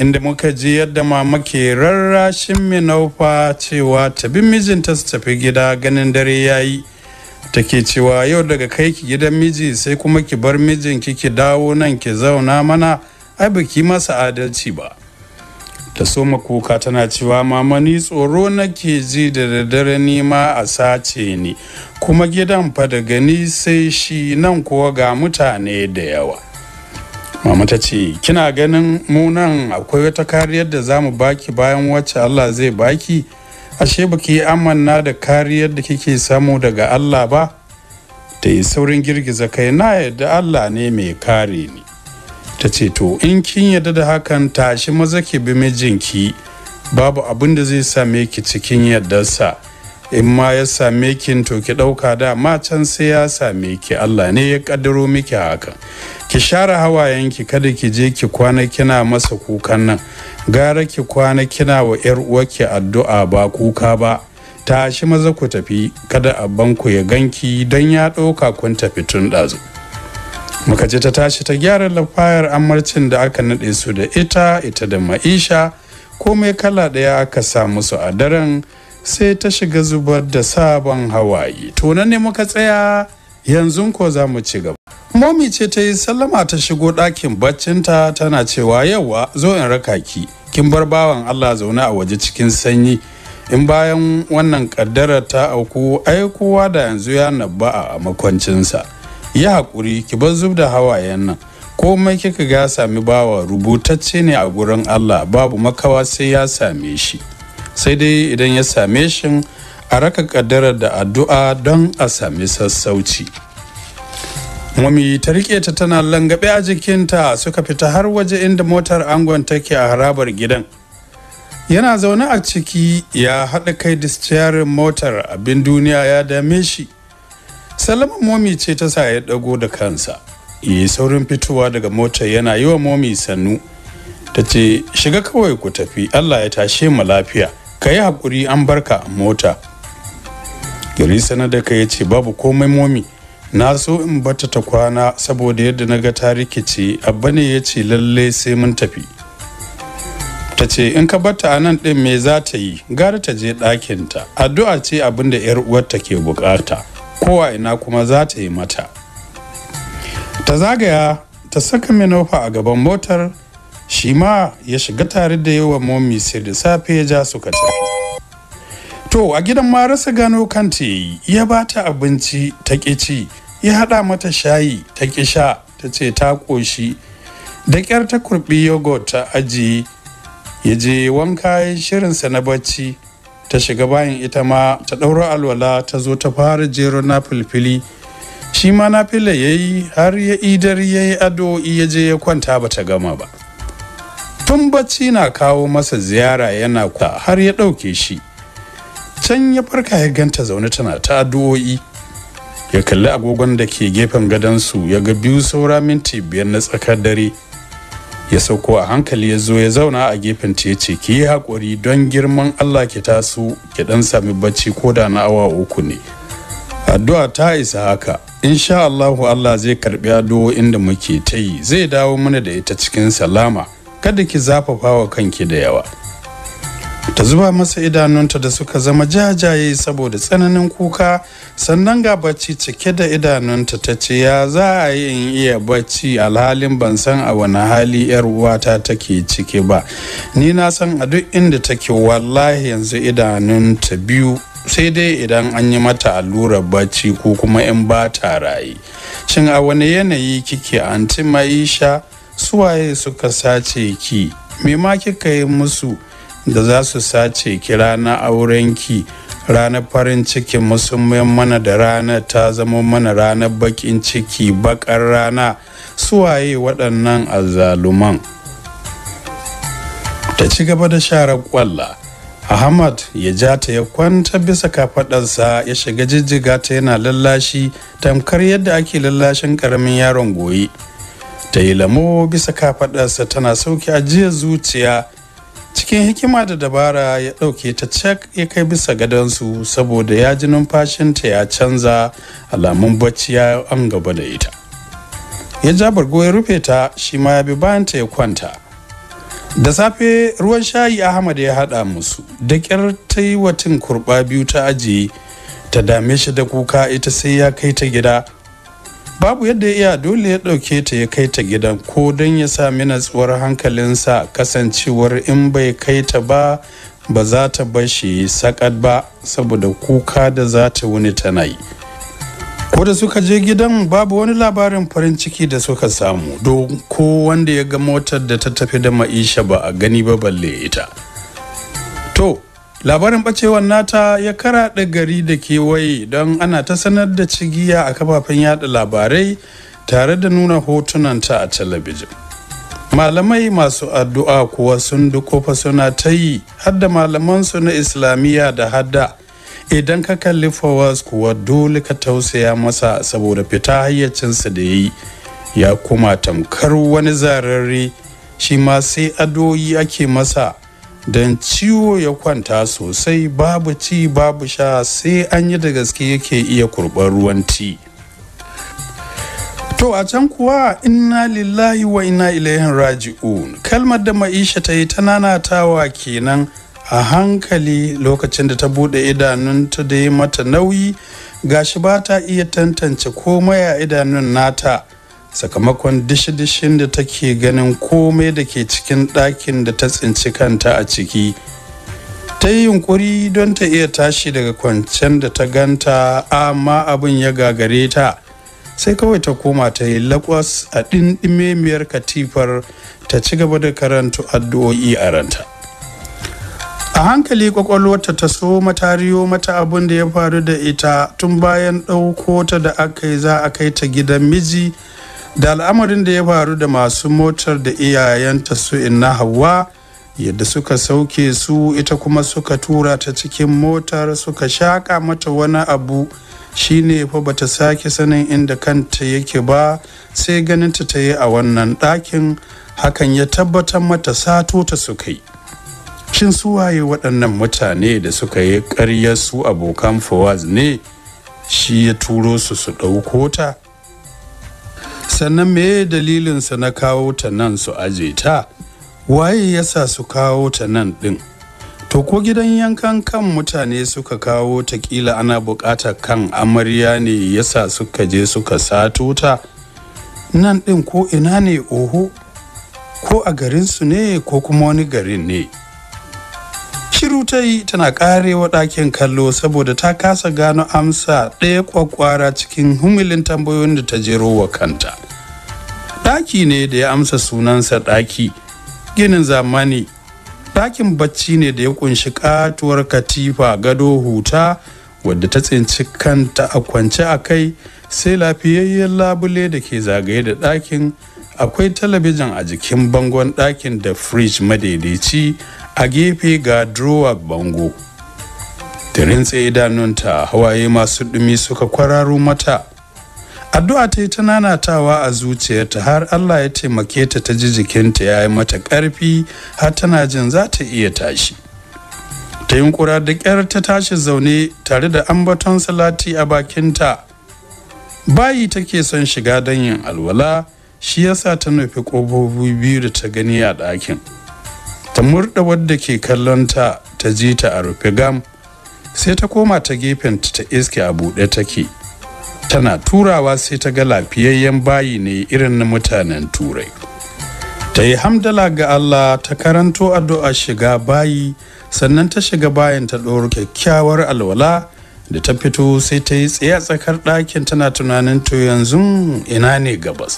inda muka ji yadda mama ke rarrashin minaufa cewa ta mijinta su tafi gida ganin dare ya yi take cewa yau daga kai ki gidan miji sai kuma ki bar mijinki ki dawo nan ki zauna mana ai ki masa adalci ba ta soma kuka tana cewa mama ni tsoro nake ji da daddare nima a sace ni kuma gidan fa daga ni sai shi nan kuwa ga mutane da yawa mama ta ce kina ganin munan? akwai wata kariyar da za mu baki bayan wacce Allah zai baki ashe baki yi amanna da kariyar da kike samu daga Allah ba ta yi saurin girgiza kai na yadda Allah ne mai kare ni ta ce to in kin yadda da hakan tashi maza ki bi mijinki babu abin da zai same ki cikin sa in ma ya same ki to ki ɗauka da ma can sai ya same ki Allah ne ya ƙaddaro miki haka ki share hawayen ki kada ki je ki kwana kina masa kukan nan gara ki kwana kina wa yar uwarki addu'a ba kuka ba tashi maza ku tafi kada abban ku ya ganki dan ya ɗauka kun tafi tun ɗazu muka je ta tashi ta gyara lafayar amarcin da aka naɗe su da ita ita da ma'isha komai kala ɗaya aka sa musu a daren sai ta shiga zubar da sabon hawaye to ne muka tsaya yanzu ko za mu ci gaba momi ce ta yi sallama ta shigo ɗakin baccinta tana cewa yawa zo in raka ki kin bar bawan allah zaune a waje cikin sanyi in bayan wannan ƙaddarar ta auku ai kowa da yanzu ya naba'a a makwancinsa yi haƙuri ki bar zub da hawayen nan komai kika ga sami bawa rubutacce ne a gurin allah babu makawa sai ya same shi sai dai idan ya same shi a raka kaddara da addu'a don a sami sassauci mami ta rike ta tana langabe a jikinta suka fita har waje inda motar angon take a harabar gidan yana zaune a ciki ya haɗa kai disciyarin motar abin duniya ya dame shi salama momi ce ta sa ya ɗago da kansa yi saurin fitowa daga motar yana yi wa momi sannu ta ce shiga kawai ku tafi allah ya tashe mu lafiya ka yi haƙuri an barka a mota gari da ya ce babu komai momi na so in bata ta kwana saboda yadda na ga ta rikice abba ne ya ce lalle sai mun tafi ta ce in ka bata a nan ɗin me za ta yi gara ta je ɗakinta addu'a ce abin da 'yar uwarta ke bukata kowa ina kuma za ta yi mata ta zagaya ta saka minofa a gaban motar shi ma ya shiga tare da yawan momi sai da safe ya ja suka tafi to a gidan marasa gano kanta ya yi ya ba ta abinci ta ci ya haɗa mata shayi ta ƙi sha ta ce ta ƙoshi da ƙyar ta kurɓi yogurt ta ajiye ya je wanka ya shirinsa na bacci ta shiga bayan ita ma ta ɗaura alwala ta zo ta fara jero na filfili shi ma na fila ya yi har ya idar ya yi ado ya je ya kwanta ba ta gama ba tun bacci na kawo masa ziyara yana kwa har ya ɗauke shi can ya farka ya ganta zaune tana ta addu'o'i ya kalli agogon da ke gefen gadansu ya ga biyu saura minti biyar na tsakar dare ya sauko a hankali ya zo ya zauna a gefen ta ce ki yi haƙuri don girman Allah ki taso ki dan sami bacci ko da na awa uku ne addu'a ta isa haka insha Allahu Allah zai karbi addu'o'in da muke ta yi zai dawo mana da ita cikin salama kada ki zafafa wa kanki da yawa ta zuba masa idanunta da suka zama jajaye saboda tsananin kuka sannan ga bacci cike da idanunta ta ce ya za a yi in iya bacci alhalin ban san a wani hali yar uwata take ciki ba ni na san a duk inda take wallahi yanzu idanunta biyu sai dai idan an yi mata allurar bacci ko kuma in ba ta raye shin a wani yanayi kike anti maisha suwaye suka sace ki me ma kika yi musu da za su sace ki rana aurenki ranar farin ciki musulmin mana da rana ta zama mana ranar bakin ciki bakar rana suwaye waɗannan azzaluman ta ci gaba da sharar kwalla ahmad ya ja ta ya kwanta bisa kafadarsa ya shiga jijjiga ta yana lallashi tamkar yadda ake lallashin karamin yaron goyi ta yi lamo bisa kafaɗarsa tana sauki ajiyar zuciya cikin hikima da dabara ya ɗauke ta cek ya kai bisa su saboda ya ji numfashinta ya canza alamun bacci ya an gaba da ita ya ja bargo ya rufe ta shi ma ya bi bayanta ya kwanta da safe ruwan shayi ahmad ya haɗa musu da ƙyar ta yi watin kurɓa biyu ta ajiye ta dame shi da kuka ita sai ya kai ta gida babu yadda iya dole ya ɗauke ta ya kai ta gidan ko don ya sami natsuwar hankalinsa kasancewar in bai kai ta ba ba za ta bashi sakat ba saboda kuka da za ta wuni tana yi ko da suka je gidan babu wani labarin farin ciki da suka samu don ko wanda ya ga motar da ta tafi da ma'isha ba a gani ba balle ita to labarin ɓacewar nata ya karaɗa gari da kewaye don ana ta sanar da cigiya a kafafen yada labarai tare da nuna hotunanta a talabijin malamai masu addu'a kuwa sun dukofa suna ta yi hadda malamansu na islamiyya da hadda idan ka kalli fawas kuwa dole ka tausaya masa saboda fita hayyacinsa da yi ya kuma tamkar wani zararre shi ma sai adoyi ake masa don ciwo ya kwanta sosai babu ci babu sha sai an yi da gaske yake iya kurɓar ruwan ti to a can kuwa inna lillahi wa inna ilaihin raji'un kalmar da ma'isha ta yi ta nanatawa kenan a hankali lokacin da ta buɗe idanunta da yi mata nauyi gashi ba ta iya tantance komai a idanun nata sakamakon dishi-dishin da take ganin komai da ke cikin ɗakin da ta tsinci kanta a ciki ta yi yunkuri don ta iya tashi daga kwancen da ta ganta amma abin ya gagare ta sai kawai ta koma ta yi lakwas a ɗinɗimemiyar katifar ta ci gaba da karanta addu'o'i a ranta a hankali kwakwalwarta ta so matariyo mata abin da ya faru da ita tun bayan ɗauko ta da aka yi za a kai ta gidan miji da al'amarin da ya faru da masu motar da iyayenta su inna hawa yadda suka sauke su ita kuma suka tura ta cikin motar suka shaƙa mata wani abu shine fa bata sake sanin inda kanta yake ba sai ganinta ta yi a wannan ɗakin hakan ya tabbatar mata sato ta suka yi shin su waye waɗannan mutane da suka yi ƙaryar su abokan fawaz ne shi ya turo su su ɗauko ta sannan me dalilinsa na kawo ta nan su aje ta waye ya sa su kawo ta nan ɗin to ko gidan yankan kan mutane suka kawo ta kila ana buƙatar kan amarya ne ya sa suka je suka sato ta nan ɗin ko ina ne oho ko a garinsu ne ko kuma wani garin ne shiru ta yi tana karewa ɗakin kallo saboda ta kasa gano amsa ɗaya kwakwara cikin humilin tambayoyin da ta jero wa kanta daki ne da ya amsa sunansa daki ginin zamani dakin bacci ne da ya kunshi katuwar katifa gado huta wadda ta tsinci kanta a kwance a kai sai lafiyayyen labule da ke zagaye da dakin akwai talabijin a jikin bangon dakin da fridge madaidaici a gefe ga drawer bango da rintse idanunta hawaye masu dumi suka kwararo mata addu'a ta yi ta nanatawa a zuciyarta har allah ya taimake ta ta ji jikinta ya yi mata ƙarfi har tana jin za ta iya tashi ta yi kura da ƙyar ta tashi zaune tare da ambaton salati a bakinta bayi take son shiga don yin alwala shi yasa ta nufi ƙofofi biyu da ta gani a ɗakin ta murɗa wadda ke kallon ta ta ji ta a rufe gam sai ta koma ta gefen ta iske a buɗe take tana turawa sai ta ga lafiyayyen bayi ne irin na mutanen turai ta yi hamdala ga allah ta karanto addu'a shiga bayi sannan ta shiga bayan ta ɗoro kyakkyawar alwala da ta fito sai ta yi tsaye tsakar ɗakin tana tunanin to yanzu ina ne gabas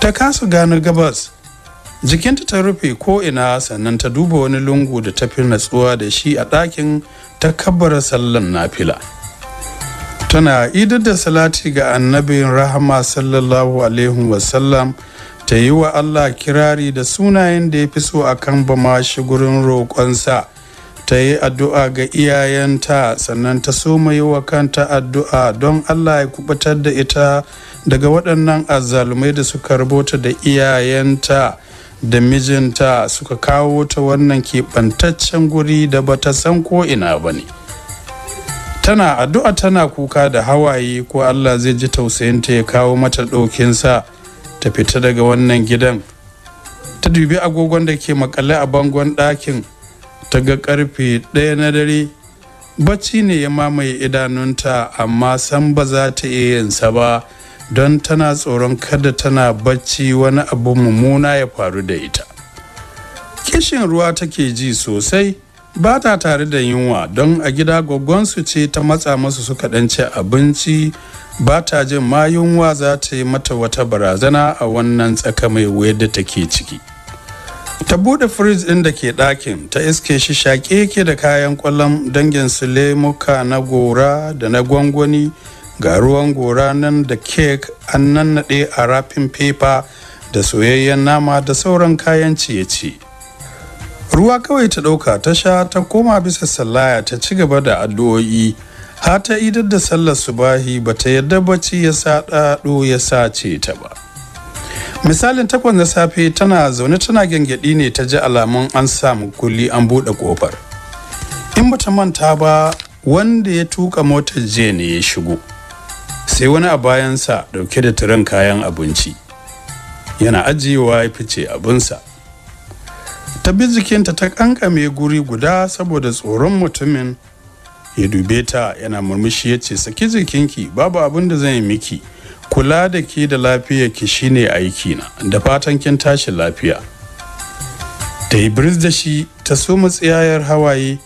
ta kasa gano gabas jikinta ta rufe ko ina sannan ta duba wani lungu da ta fi natsuwa da shi a ɗakin ta kabbara sallan nafila. fila tana idar da salati ga annabin rahama sallallahu alaihi wasallam ta yi wa Allah kirari da sunayen da ya fi so a kan bama shi gurin roƙonsa ta yi addu'a ga iyayenta sannan ta so yi wa kanta addu'a don Allah ya kubatar da ita daga waɗannan azalumai da suka rubuta da iyayenta da mijinta suka kawo ta wannan keɓantaccen guri da bata san ko'ina ina ba ne. tana addu'a tana kuka da hawaye ko allah zai ji tausayinta ya kawo mata ɗaukinsa ta fita daga wannan gidan ta dubi agogon da ke makale a bangon ɗakin ta ga karfe ɗaya na dare bacci ne ya mamaye idanunta amma san ba za ta iya yinsa ba don tana tsoron kada tana bacci wani abu mummuna ya faru da ita kishin ruwa take ji sosai ba ta tare da yunwa don a gida gwaggonsu ce ta matsa masu suka ɗanci abinci ba ta jin ma yunwa za ta yi mata wata barazana a wannan tsaka mai wuyar da take ciki ta buɗe firij ɗin da ke ɗakin ta iske shi shaƙe ke da kayan ƙwallon dangin su lemuka na gora da na gwangwani ga ruwan gora nan da kek an nannaɗe a rafin fefa da soyayyen nama da sauran kayan ciye-ciye ruwa kawai ta ɗauka ta sha ta koma bisa sallaya ta ci gaba da addu'o'i har ta idar da sallar subahi ba ta yarda bacci ya sa ɗaɗo ya sace ta ba misalin takwas na safe tana zaune tana gyangyaɗi ne ta ji alamun an samu kulli an buɗe kofar. in bata manta ba wanda ya tuka motar jiya ne ya shigo sai wani a bayansa ɗauke da turan kayan abinci yana ajiyewa ya fice abinsa ta bi jikinta ta kankame guri guda saboda tsoron mutumin ya dube ta yana murmushi ya ce saki jikinki babu abin da zan yi miki kula da ke da lafiya ki shine aiki na da fatan kin tashi lafiya ta yi da shi ta so matsiyayar hawaye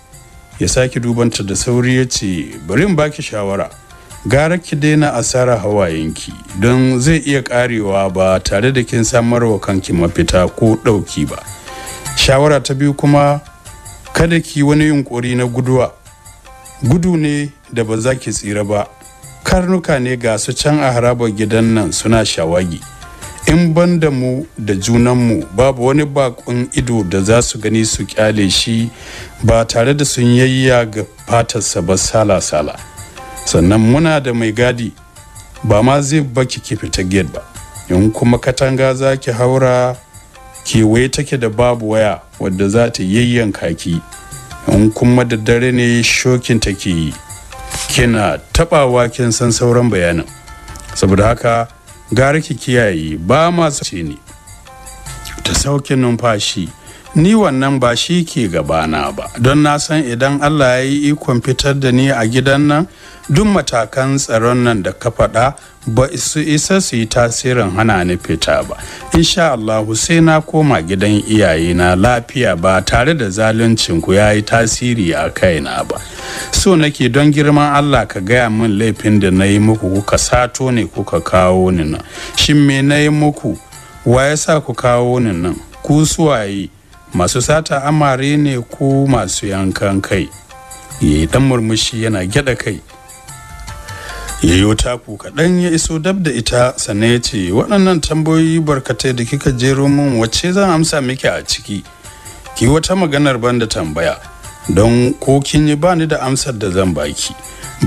ya sake dubanta da sauri ya ce bari baki shawara gara ki daina asara hawayenki don zai iya karewa ba tare da kin samarwa kanki mafita ko ɗauki ba shawara ta biyu kuma kada ki wani yunkuri na guduwa gudu ne da ba za ki tsira ba karnuka ne ga su can a harabar gidan nan suna shawagi in ban da mu da junan mu babu wani bakon ido da za su gani su kyale shi ba tare da sun yayya ga fatarsa ba sala-sala sannan muna da mai gadi ba ma zai baki ki fita gate ba in kuma katanga za ki haura kewaye take da babu waya wadda za ta yayyanka ki in kuma da dare ne shokin take yi kina tabawa kin san sauran bayanan. saboda haka gara ki kiyaye ba ma ce ni ta saukin numfashi ni wannan ba shi ke gabana ba don na san idan allah ya yi ikon fitar da ni a gidan nan duk matakan tsaron nan da ka faɗa ba su isa su yi tasirin hana ni fita ba insha Allah sai na koma gidan iyaye na lafiya ba tare da zaluncin ku yayi tasiri a kaina ba so nake don girman Allah ka gaya min laifin da na yi muku kuka sato ne kuka kawo ni nan shin me na yi muku wa ya sa ku kawo ni nan ku suwaye masu sata amare ne ku masu yankan kai yayi dan murmushi yana gyada kai ya yi taku kaɗan ya iso dab da ita sannan ya ce waɗannan tambayoyi barkatai da kika jero min wacce zan amsa miki a ciki ki wata maganar ban da tambaya don ko kin yi ba ni da amsar da zan baki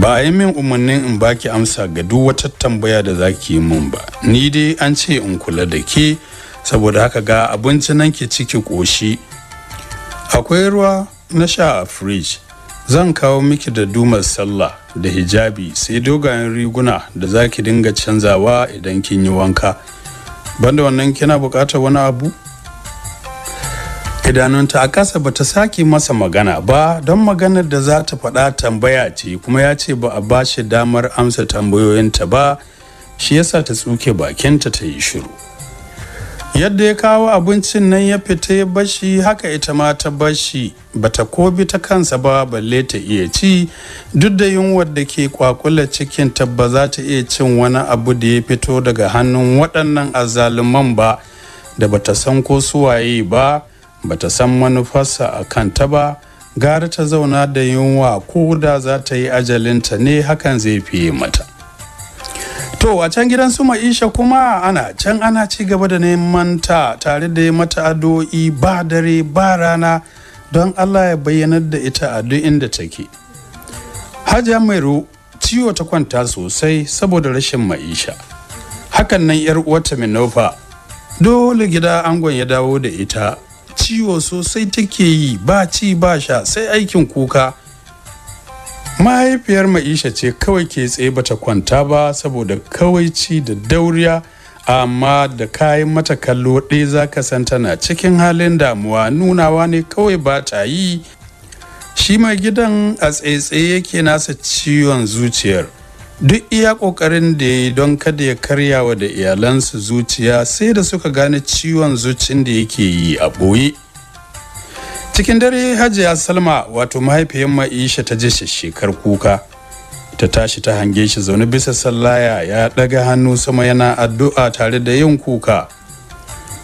ba a yi min umarnin in baki amsa ga duk wata tambaya da za ki yi min ba ni dai an ce in kula da ke saboda haka ga abinci nan ke ciki ƙoshi akwai ruwa na sha a firij, zan kawo miki da dumar sallah da hijabi sai dogayen riguna da za ki dinga canzawa idan kin yi wanka banda wannan kina bukatar wani abu idanunta a kasa ba ta sake masa magana ba don maganar da za ta faɗa tambaya ce kuma ya ce ba a bashi damar amsa tambayoyinta ba shi yasa ta tsuke bakinta ta yi shiru yadda ya kawo abincin nan ya fita ya bashi haka ita ma ta bashi bata ko bi ta kansa ba balle ta iya ci duk da yunwar da ke kwakula cikin ba za ta iya cin wani abu da ya fito daga hannun waɗannan azzaluman ba da bata san ko suwaye ba bata san manufarsa a kanta ba gara ta zauna da yunwa ko da za ta yi ajalinta ne hakan zai fiye mata to a can gidan su ma'isha kuma ana can ana ci gaba da neman ta tare da mata addu'o'i ba dare ba rana don allah ya bayyanar da ita a duk inda take hajiya mairu ciwo ta kwanta sosai saboda rashin ma'isha hakan nan yar uwarta minofa dole gida angon ya dawo da ita ciwo sosai take yi ba ci ba sha sai aikin kuka mahaifiyar ma'isha ce kawai ke tsaye bata kwanta ba saboda kawaici da dauriya amma da kayan mata kallo ɗaya za ka san tana cikin halin damuwa nunawa ne kawai ba ta yi shi mai gidan a tsaitsaye yake nasa ciwon zuciyar duk iya ƙoƙarin da ya yi don kada ya karyawa da iyalansu zuciya sai da suka gane ciwon zucin da yake yi a boye cikin dare hajiya salma wato mahaifiyan ma'isha ta je shekar kuka ta tashi ta hange shi zaune bisa sallaya ya daga hannu sama yana addu'a tare da yin kuka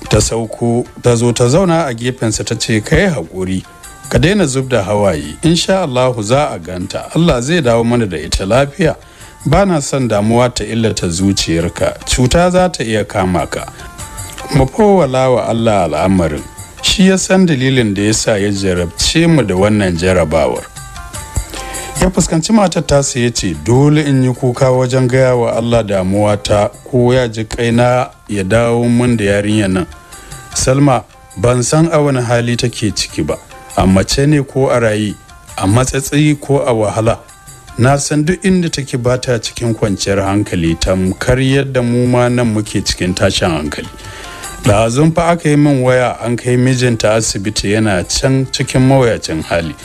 ta sauko ta zo ta zauna a gefensa ta ce kai haƙuri ka daina zub da hawaye insha Allahu za a ganta Allah zai dawo mana da ita lafiya ba na son damuwa ta illata zuciyarka cuta za ta iya kama ka mafowa wa Allah al'amarin shi ya san dalilin da ya sa ya jarabce mu da wannan jarabawar ya fuskanci matar tasa ya ce dole in yi kuka wajen gaya wa allah damuwa ta ko ya ji kaina ya dawo mun da yarinyar nan salma ban san a wani hali take ciki ba a mace ne ko a rayi a matsatsi ko a wahala na san duk inda take bata cikin kwanciyar hankali tamkar yadda mu ma nan muke cikin tashin hankali zan fa aka yi min waya an kai mijinta asibiti yana can cikin mawuyacin hali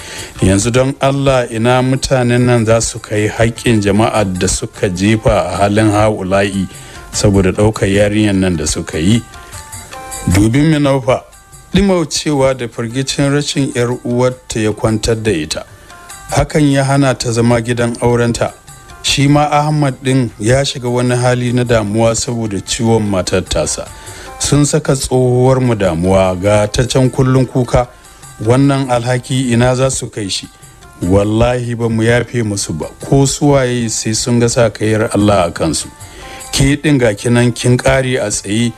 yanzu don allah ina mutanen nan za su kai haƙƙin jama'a da suka jefa a halin ha'ula'i saboda ɗaukar yarinyar nan da suka yi dubin minaufa cewa da firgicin rashin yar uwarta ya kwantar da ita hakan ya hana ta zama gidan aurenta shi ma ahmad din ya shiga wani hali na damuwa saboda ciwon matattasa. sun saka tsohuwar mu damuwa ga ta can kullun kuka wannan alhaki ina za su kai shi wallahi ba mu yafe musu ba ko suwaye sai sun ga sa kayar Allah a kansu ke ɗin ga kinan kin kare a tsaye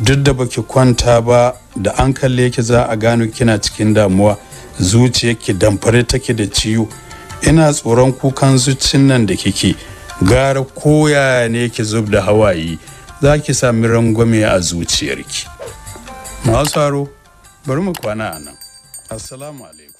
duk da baki kwanta ba da an kalle ki za a gano kina cikin damuwa zuciyarki damfare take da ciwo ina tsoron kukan zuccin nan da kike gara koya ne ki zub da hawaye za ki sami rangwame a zuciyarki masu haro bari mu kwana a nan assalamu alaikum